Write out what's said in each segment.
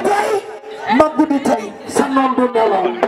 guddi tey mag guddi tey sa noon du nelaw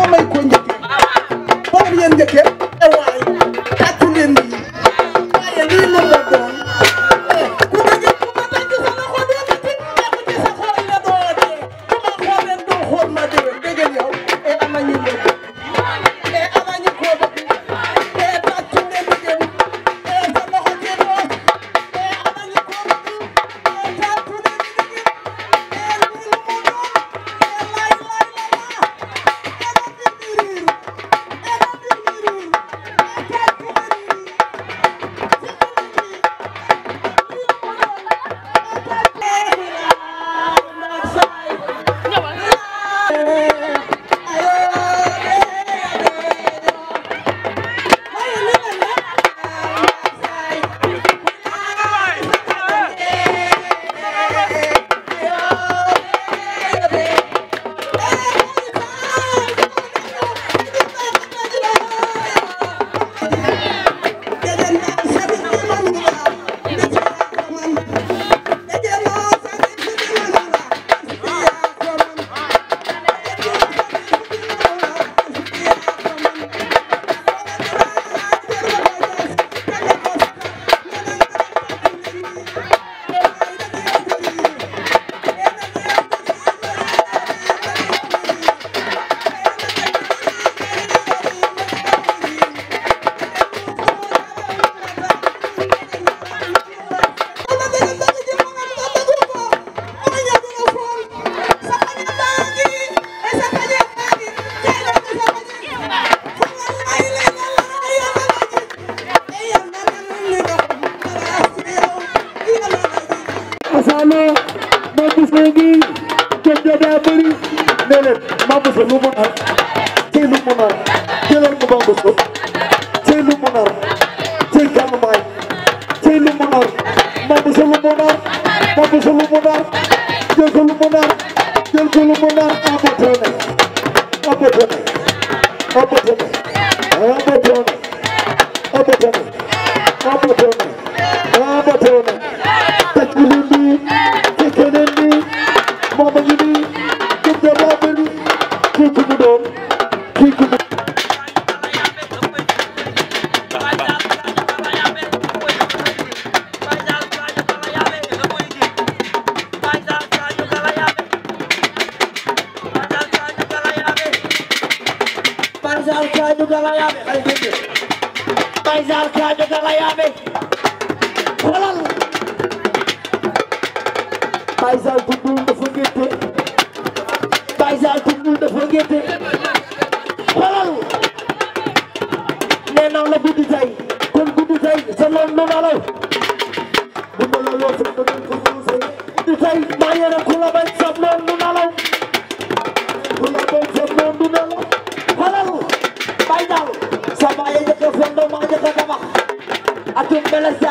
nga may ko loo Mame Bousso ngi jom ja daa bëri nee leen Mame Bousso lu mu nar tey lu mu nar jëlal ko Mame Bousso tey lu mu nar tey gàllu maay tey lu mu nar Mame Bousso lu mu nar Mame Bousso lu mu nar jël ko lu mu nar jël ko lu mu nar abotone abotone abotone abotone abotone Paisal kaaju kala yaabe xale dëgg Paisal kaaju kala yaabe xoolal Paisal tuddul dafa ngénte Paisal tuddul dafa ngénte xoolal nee naa la guddi tey kon guddi tey sa loon nu nalaw bu ma la loo sa guddi tey maa yéene ku la bañ sa loon